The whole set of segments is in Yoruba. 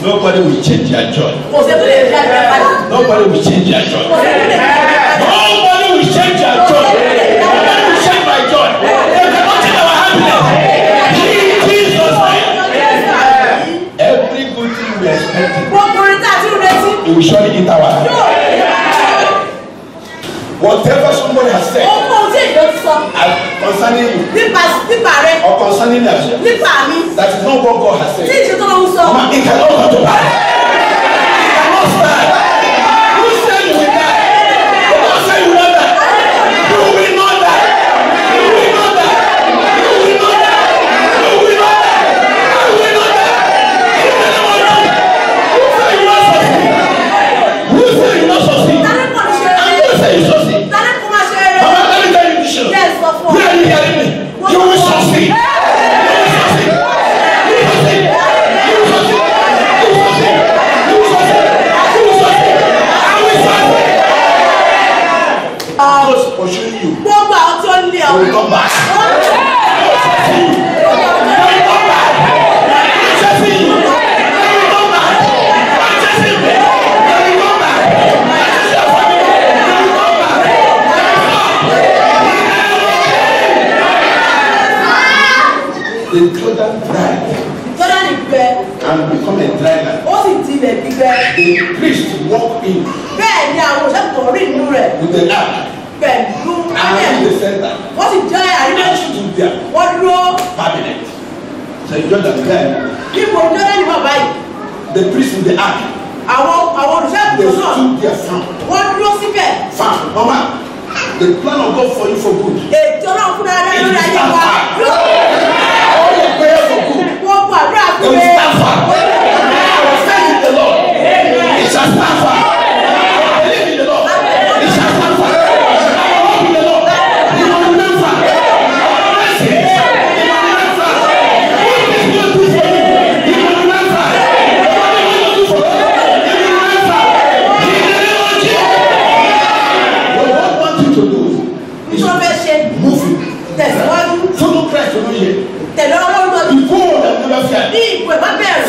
Nobody will change their joy. Nobody will change their joy. Nobody will change their joy. Nobody will change my joy. They cannot change our happiness. In Jesus' name. Every good thing we expect, it will surely hit our heart. Whatever somebody has said, concerning you concerning us. Nípa mi. That is not what God has said. Tí ìṣètò ló ń sọ. Ma ìkàlọ́ ọ̀gá tó bá. you. Gbogbo àwọn tí ó lé ọ. Will come back. Will come back. Chasing you. Will come back. Chasing you. Will come back. Chasing your family. Will come back. The Jordan dried. Jordan ìgbẹ́. And become a dry land. Ó sì dilẹ̀ gbígbẹ́. The priest walk in. Bẹ́ẹ̀ ni àwọn òṣèlú kan rí inú rẹ̀. With the ark. Pẹ̀lú in the center. wọ́n sì jẹ́ àríwá. and she took there. wọ́n dúró. permanent. so jordan bẹ́ẹ̀. ipò jordan wà báyìí. the priest with the ark. àwọn àwọn olùṣègùn náà. they stood there firm. wọ́n dúró síbẹ̀. mama the plan of God for you for good. ètò náà fúnra rẹ̀ lórí ayé wa. yóò iṣẹ́ fẹ́ ṣe. múfì. tẹ̀síwájú. fún christ olóye. tẹ̀lé ọlọ́run lọ. ìkó ọ̀dà tó lọ sí àná. ní ìpè má bẹ̀rù.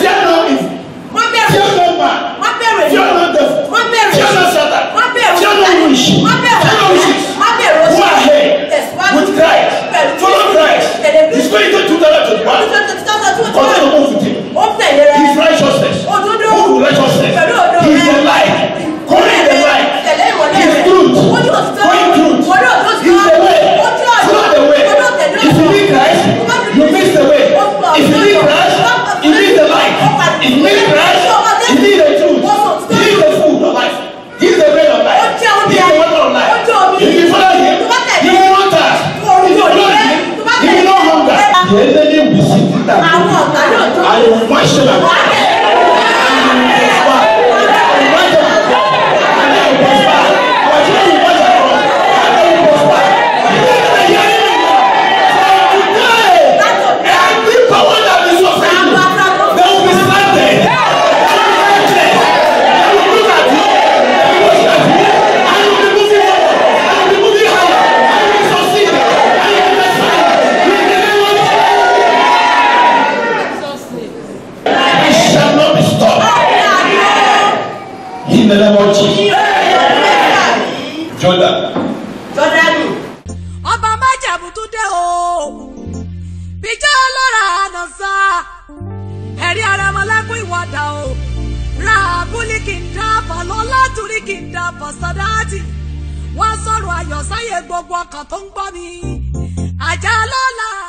是的 in the name of Jesus. Jordan. Jordan. Ọba Májàmú tún dé o. Bíjẹ́ ọlọ́ra àná sá. Ẹ̀rí ara ọmọlágún ìwọ́dà o. Ra abúlé kì í dábàá lọ́lá torí kì í dábàá sọ́dáàtì. Wọ́n sọ̀rọ̀ ayọ̀ sáyé gbogbo ọkàn tó ń gbọ́ mi. Àjà lọ́la.